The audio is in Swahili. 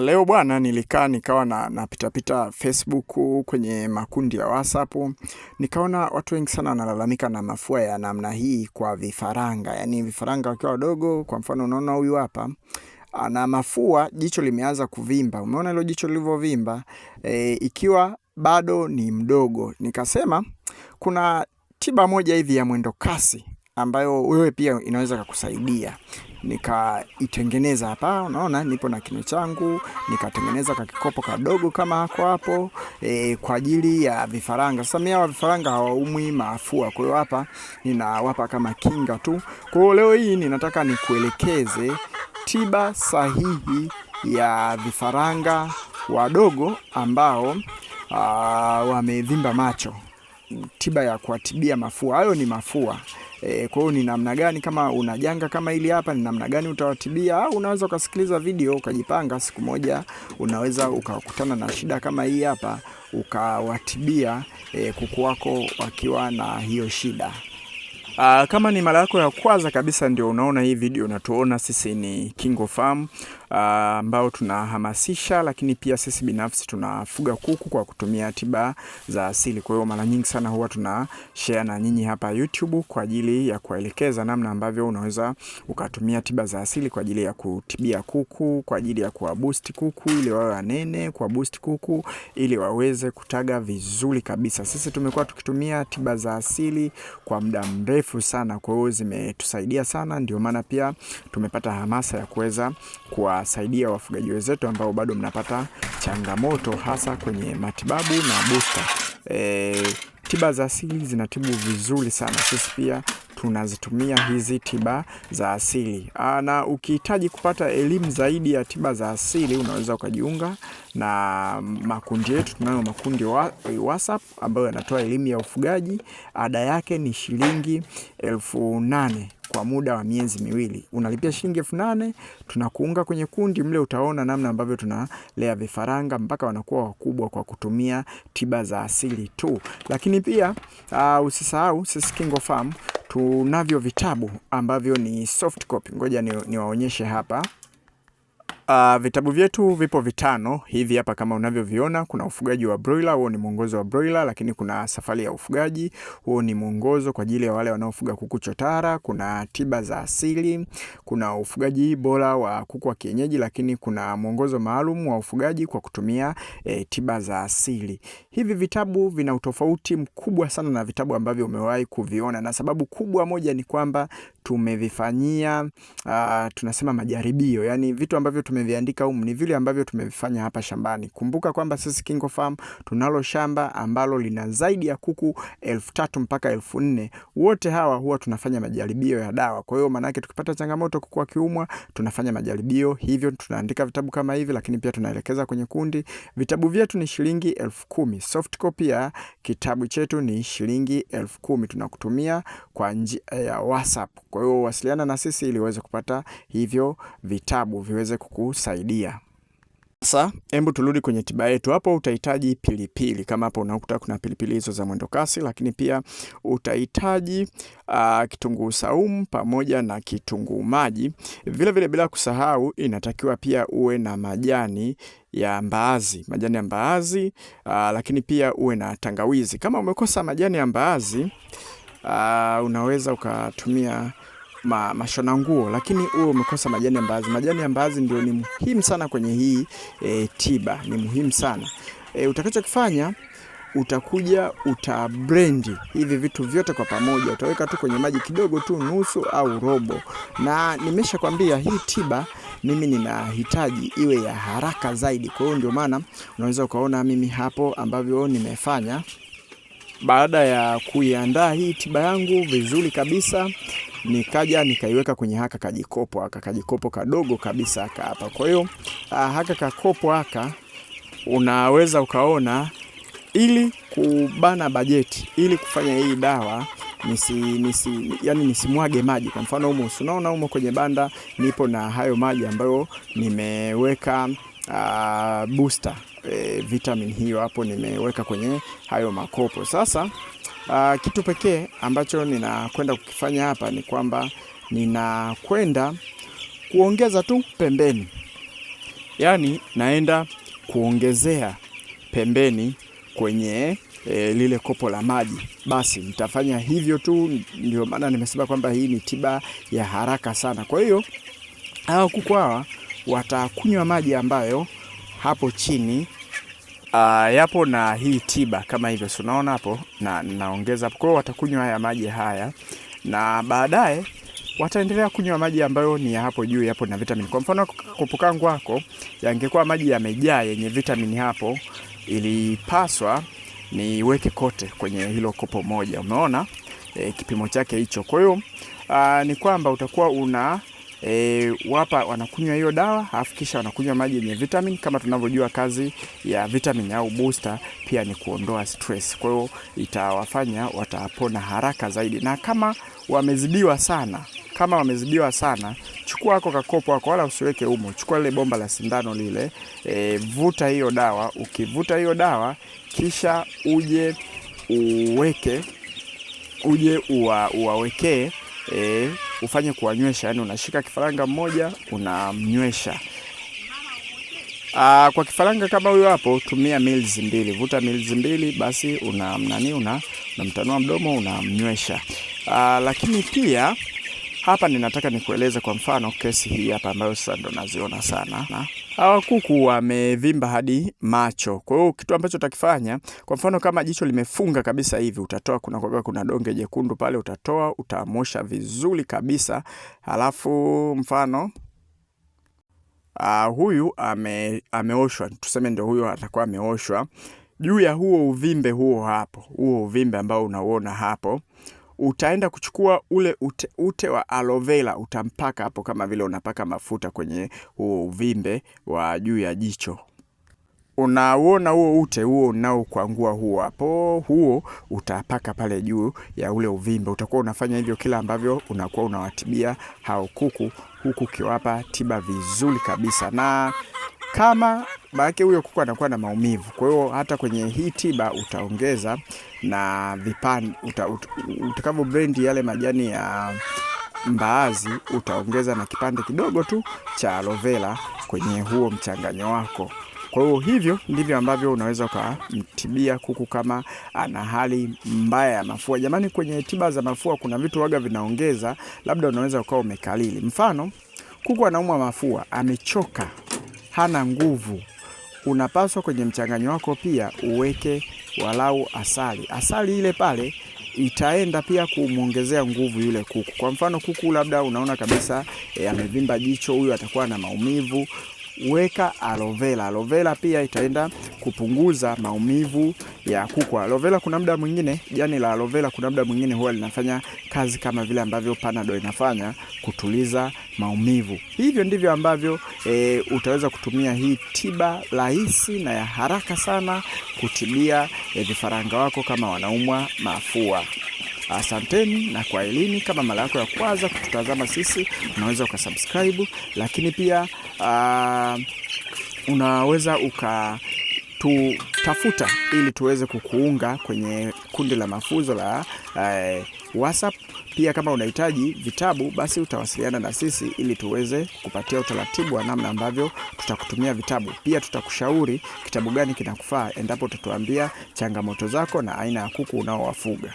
leo bwana, nilikaa nikawa na napitapita Facebook kwenye makundi ya WhatsApp, nikaona watu wengi sana wanalalamika na mafua ya namna hii kwa vifaranga, yaani vifaranga wakiwa wadogo. Kwa mfano, unaona huyu hapa ana mafua, jicho limeanza kuvimba. Umeona hilo jicho lilivyovimba e, ikiwa bado ni mdogo. Nikasema kuna tiba moja hivi ya mwendo kasi ambayo wewe pia inaweza kukusaidia nikaitengeneza hapa, unaona nipo na kinu changu, nikatengeneza kikopo kadogo kama hako hapo e, kwa ajili ya vifaranga. Sasa mimi hawa vifaranga hawaumwi mafua, kwa hiyo hapa ninawapa kama kinga tu. Kwa hiyo leo hii ninataka nikuelekeze tiba sahihi ya vifaranga wadogo ambao wamevimba macho tiba ya kuatibia mafua. Hayo ni mafua. E, kwa hiyo ni namna gani kama una janga kama hili hapa, ni namna gani utawatibia? Au unaweza ukasikiliza video ukajipanga, siku moja unaweza ukakutana na shida kama hii hapa, ukawatibia e, kuku wako wakiwa na hiyo shida. Aa, kama ni mara yako ya kwanza kabisa ndio unaona hii video, unatuona sisi ni Farm. Ah, ambao tunahamasisha, lakini pia sisi binafsi tunafuga kuku kwa kutumia tiba za asili. Kwa hiyo mara nyingi sana huwa tuna share na nyinyi hapa YouTube kwa ajili ya kuelekeza namna ambavyo unaweza ukatumia tiba za asili kwa ajili ya kutibia kuku, kwa ajili ya kuwabusti kuku ili wawe wanene, kuwabusti kuku ili waweze kutaga vizuri kabisa. Sisi tumekuwa tukitumia tiba za asili kwa muda mrefu sana, kwa hiyo zimetusaidia sana, ndio maana pia tumepata hamasa ya kuweza kwa kuwasaidia wafugaji wenzetu ambao bado mnapata changamoto hasa kwenye matibabu na booster. E, tiba za asili zinatibu vizuri sana. Sisi pia tunazitumia hizi tiba za asili, na ukihitaji kupata elimu zaidi ya tiba za asili unaweza ukajiunga na makundi yetu. Tunayo makundi wa WhatsApp ambayo yanatoa elimu ya ufugaji. Ada yake ni shilingi elfu nane kwa muda wa miezi miwili. Unalipia shilingi elfu nane, tunakuunga kwenye kundi mle, utaona namna ambavyo tunalea vifaranga mpaka wanakuwa wakubwa kwa kutumia tiba za asili tu. Lakini pia uh, usisahau sisi Farm tunavyo vitabu ambavyo ni soft copy. Ngoja niwaonyeshe ni hapa. Uh, vitabu vyetu vipo vitano hivi hapa kama unavyoviona. Kuna ufugaji wa broiler, huo ni mwongozo wa broiler, lakini kuna safari ya ufugaji, huo ni mwongozo kwa ajili ya wale wanaofuga kuku chotara. Kuna tiba za asili, kuna ufugaji bora wa kuku wa kienyeji, lakini kuna mwongozo maalum wa ufugaji kwa kutumia e, tiba za asili. Hivi vitabu vina utofauti mkubwa sana na vitabu ambavyo umewahi kuviona, na sababu kubwa moja ni kwamba tumevifanyia uh, tunasema majaribio, yani vitu ambavyo tumeviandika humu ni vile ambavyo tumevifanya hapa shambani. Kumbuka kwamba sisi Kingo Farm tunalo shamba ambalo lina zaidi ya kuku elfu tatu mpaka elfu nne. Wote hawa huwa tunafanya majaribio ya dawa. Kwa hiyo maana tukipata changamoto kuku akiumwa, tunafanya majaribio, hivyo tunaandika vitabu kama hivi, lakini pia tunaelekeza kwenye kundi. Vitabu vyetu ni shilingi elfu kumi. Soft copy ya kitabu chetu ni shilingi elfu kumi. Tunakutumia kwa njia eh, ya WhatsApp. Kwa hiyo wasiliana na sisi ili uweze kupata hivyo vitabu viweze kukusaidia. Sasa hebu turudi kwenye tiba yetu. Hapo utahitaji pilipili, kama hapo unakuta kuna pilipili hizo za mwendokasi, lakini pia utahitaji uh, kitunguu saumu pamoja na kitunguu maji vile vile, bila kusahau, inatakiwa pia uwe na majani ya mbaazi, majani ya mbaazi uh, lakini pia uwe na tangawizi. Kama umekosa majani ya mbaazi uh, unaweza ukatumia ma, mashona nguo, lakini huo umekosa majani ya mbaazi. Majani ya mbaazi ndio ni muhimu sana kwenye hii e, tiba ni muhimu sana e, utakachokifanya utakuja utabrendi hivi vitu vyote kwa pamoja, utaweka tu kwenye maji kidogo tu, nusu au robo. Na nimeshakwambia hii tiba mimi ninahitaji iwe ya haraka zaidi, kwa hiyo ndio maana unaweza ukaona mimi hapo ambavyo nimefanya baada ya kuiandaa hii tiba yangu vizuri kabisa, nikaja nikaiweka kwenye haka kajikopo haka kajikopo kadogo kabisa haka hapa. Kwa hiyo ah, haka kakopo haka unaweza ukaona, ili kubana bajeti, ili kufanya hii dawa nisi, nisi, yani nisimwage maji. Kwa mfano humo unaona humo kwenye banda nipo na hayo maji ambayo nimeweka uh, booster vitamin hiyo hapo nimeweka kwenye hayo makopo. Sasa uh, kitu pekee ambacho ninakwenda kukifanya hapa ni kwamba ninakwenda kuongeza tu pembeni, yaani naenda kuongezea pembeni kwenye E, lile kopo la maji basi nitafanya hivyo tu. Ndio maana nimesema kwamba hii ni tiba ya haraka sana. Kwa hiyo hawa kuku hawa watakunywa maji ambayo hapo chini uh, yapo na hii tiba kama hivyo, si unaona hapo, na naongeza hapo. Kwa hiyo watakunywa haya maji haya, na baadaye wataendelea kunywa maji ambayo ni ya hapo juu, yapo na vitamini. Kwa mfano kupukangu wako yangekuwa maji yamejaa yenye vitamini, hapo ilipaswa niweke kote kwenye hilo kopo moja, umeona e, kipimo chake hicho. Kwa hiyo uh, ni kwamba utakuwa una E, wapa wanakunywa hiyo dawa alafu kisha wanakunywa maji yenye vitamin. Kama tunavyojua kazi ya vitamin au booster pia ni kuondoa stress, kwa hiyo itawafanya watapona haraka zaidi. Na kama wamezidiwa sana, kama wamezidiwa sana, chukua wako kakopo wako, wala usiweke humo, chukua lile bomba la sindano lile, e, vuta hiyo dawa. Ukivuta hiyo dawa kisha uje uweke uje uwa, uwawekee e, ufanye kuwanywesha, yani unashika kifaranga mmoja unamnywesha. Aa, ah, kwa kifaranga kama huyo hapo, tumia mils mbili, vuta mils mbili, basi una nani, unamtanua una mdomo unamnywesha. Ah, lakini pia hapa ninataka nikueleze kwa mfano kesi hii hapa ambayo sasa ndo naziona sana na hawa kuku wamevimba hadi macho. Kwa hiyo kitu ambacho utakifanya, kwa mfano kama jicho limefunga kabisa hivi, utatoa kuna kwa kuna donge jekundu pale, utatoa utaamosha vizuri kabisa, halafu mfano uh, huyu ame, ameoshwa tuseme ndio huyo atakuwa ameoshwa juu ya huo uvimbe huo hapo, huo uvimbe ambao unauona hapo utaenda kuchukua ule ute, ute wa aloe vera utampaka hapo, kama vile unapaka mafuta kwenye huo uvimbe wa juu ya jicho. Unauona huo ute huo unaokuangua huo hapo, huo utapaka pale juu ya ule uvimbe. Utakuwa unafanya hivyo kila ambavyo unakuwa unawatibia hao kuku, huku ukiwapa tiba vizuri kabisa na kama maanake huyo kuku anakuwa na maumivu. Kwa hiyo hata kwenye hii tiba utaongeza na vipande uta, ut, utakavyo blend yale majani ya mbaazi utaongeza na kipande kidogo tu cha aloe vera kwenye huo mchanganyo wako. Kwa hiyo hivyo ndivyo ambavyo unaweza ukamtibia kuku kama ana hali mbaya ya mafua. Jamani, kwenye tiba za mafua kuna vitu waga vinaongeza, labda unaweza ukawa umekalili. Mfano, kuku anaumwa mafua, amechoka, hana nguvu unapaswa kwenye mchanganyo wako pia uweke walau asali. Asali ile pale itaenda pia kumwongezea nguvu yule kuku. Kwa mfano kuku labda unaona kabisa e, amevimba jicho, huyu atakuwa na maumivu weka aloe vera. Aloe vera pia itaenda kupunguza maumivu ya kuku. Aloe vera kuna muda mwingine, jani la aloe vera kuna muda mwingine huwa linafanya kazi kama vile ambavyo panado inafanya kutuliza maumivu. Hivyo ndivyo ambavyo e, utaweza kutumia hii tiba rahisi na ya haraka sana kutibia e, vifaranga wako kama wanaumwa mafua. Asanteni na kwa elini. Kama mara yako ya kwanza kututazama sisi, unaweza ukasubscribe, lakini pia uh, unaweza uka tutafuta ili tuweze kukuunga kwenye kundi la mafunzo la uh, WhatsApp. Pia kama unahitaji vitabu, basi utawasiliana na sisi ili tuweze kupatia utaratibu wa namna ambavyo tutakutumia vitabu. Pia tutakushauri kitabu gani kinakufaa endapo utatuambia changamoto zako na aina ya kuku unaowafuga.